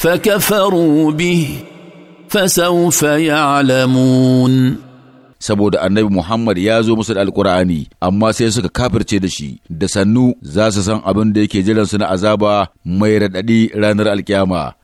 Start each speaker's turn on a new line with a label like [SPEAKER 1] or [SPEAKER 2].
[SPEAKER 1] فكفروا به فسوف يعلمون saboda annabi Muhammad ya zo musu da alkur'ani amma sai suka kafirce da shi da sannu za su san abin da yake jiransu na azaba mai raɗaɗi ranar alkiyama